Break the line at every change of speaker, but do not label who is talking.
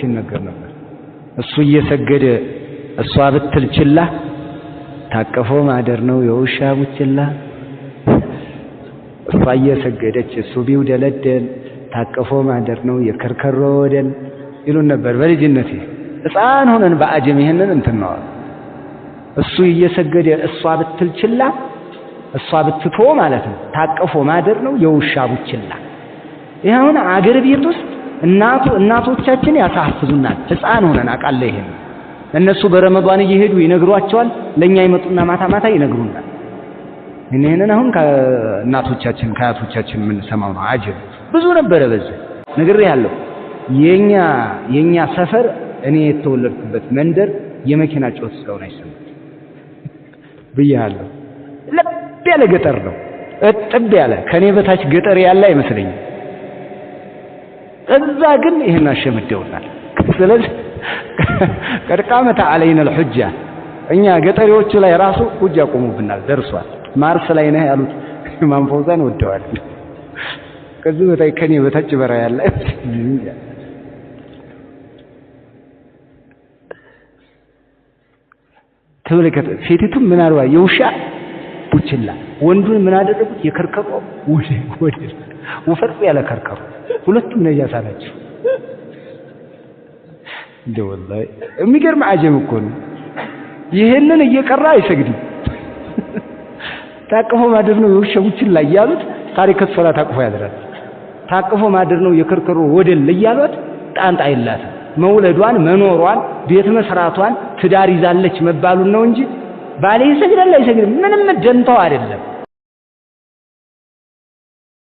ሲነገር ነበር። እሱ እየሰገደ እሷ ብትል ችላ ታቀፎ ማደር ነው የውሻ ቡችላ። እሷ እየሰገደች እሱ ደለደል ታቀፎ ማደር ነው የከርከሮ ወደል ይሉን ነበር በልጅነቴ ሕፃን ሆነን በአጀም ይሄንን እንትናዋል። እሱ እየሰገደ እሷ ብትል ችላ እሷ ብትቶ ማለት ነው ታቀፎ ማደር ነው የውሻ ቡችላ። ይህ አሁን አገር ቤት ውስጥ እናቱ እናቶቻችን ያሳፍዙናል። ህፃን ሆነን አቃለ ይሄን እነሱ በረመዷን እየሄዱ ይነግሯቸዋል፣ ለኛ ይመጡና ማታ ማታ ይነግሩናል። እኔንን አሁን ከእናቶቻችን ከአያቶቻችን የምንሰማው ነው። አጀብ ብዙ ነበረ። በዚህ ያለው የኛ የኛ ሰፈር እኔ የተወለድኩበት መንደር የመኪና ጮት እስካሁን አይሰማም ብያለሁ። ለብ ያለ ገጠር ነው፣ እጥብ ያለ ከኔ በታች ገጠር ያለ አይመስለኝም። እዛ ግን ይህን አሸምደውናል። ስለዚህ ቀድቃመታ አለይነ ልሑጃ እኛ ገጠሪዎቹ ላይ ራሱ ሁጅ ያቆሙብናል። ደርሷል። ማርስ ላይ ነህ ያሉት ኢማም ፈውዛን ወደዋል። ከዚህ በታይ ከኔ በታች በራ ያለ ተመለከተ። ሴቲቱም ምን የውሻ ቡችላ ወንዱን ምን አደረጉት? የከርከሮ ወደ ወደ ወፈርጡ ያለ ከርከሩ ሁለቱም ነጃሳ ናቸው። እንደ ወላሂ የሚገርም አጀብ እኮ ነው። ይሄንን እየቀራ አይሰግድም። ታቅፎ ማደር ነው የውሸቡችን ላይ ያሉት ታሪከት ሶላ ታቅፎ ያድራል። ታቅፎ ማደር ነው የከርከሮ ወደል እያሏት ጣንጣ አይላትም። መውለዷን መኖሯን ቤት መስራቷን ትዳር ይዛለች መባሉን ነው እንጂ ባሌ ይሰግዳል አይሰግድም ምንም ደንታው አይደለም።